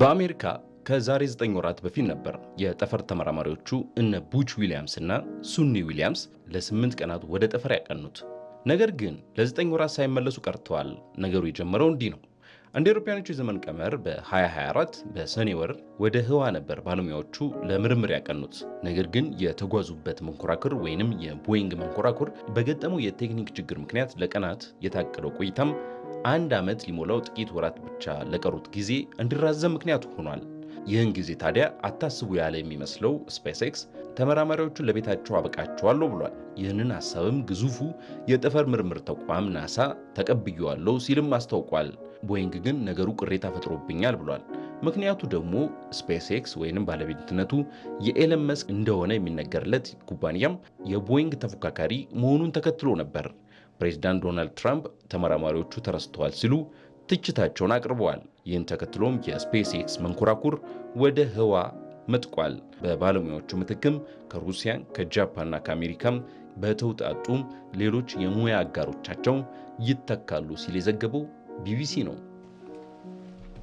በአሜሪካ ከዛሬ 9 ወራት በፊት ነበር የጠፈር ተመራማሪዎቹ እነ ቡች ዊሊያምስ እና ሱኒ ዊሊያምስ ለስምንት ቀናት ወደ ጠፈር ያቀኑት። ነገር ግን ለዘጠኝ ወራት ሳይመለሱ ቀርተዋል። ነገሩ የጀመረው እንዲህ ነው። እንደ አውሮፓውያኖቹ የዘመን ቀመር በ2024 በሰኔ ወር ወደ ህዋ ነበር ባለሙያዎቹ ለምርምር ያቀኑት። ነገር ግን የተጓዙበት መንኮራኩር ወይንም የቦይንግ መንኮራኩር በገጠመው የቴክኒክ ችግር ምክንያት ለቀናት የታቀደው ቆይታም አንድ ዓመት ሊሞላው ጥቂት ወራት ብቻ ለቀሩት ጊዜ እንዲራዘም ምክንያት ሆኗል። ይህን ጊዜ ታዲያ አታስቡ ያለ የሚመስለው ስፔስ ኤክስ ተመራማሪዎቹን ለቤታቸው አበቃቸዋለሁ ብሏል። ይህንን ሀሳብም ግዙፉ የጠፈር ምርምር ተቋም ናሳ ተቀብየዋለሁ ሲልም አስታውቋል። ቦይንግ ግን ነገሩ ቅሬታ ፈጥሮብኛል ብሏል። ምክንያቱ ደግሞ ስፔስ ኤክስ ወይንም ባለቤትነቱ የኤለን መስክ እንደሆነ የሚነገርለት ኩባንያም የቦይንግ ተፎካካሪ መሆኑን ተከትሎ ነበር። ፕሬዚዳንት ዶናልድ ትራምፕ ተመራማሪዎቹ ተረስተዋል ሲሉ ትችታቸውን አቅርበዋል። ይህን ተከትሎም የስፔስ ኤክስ መንኮራኩር ወደ ህዋ መጥቋል። በባለሙያዎቹ ምትክም ከሩሲያ ከጃፓንና ከአሜሪካም በተውጣጡም ሌሎች የሙያ አጋሮቻቸው ይተካሉ ሲል የዘገበው ቢቢሲ ነው።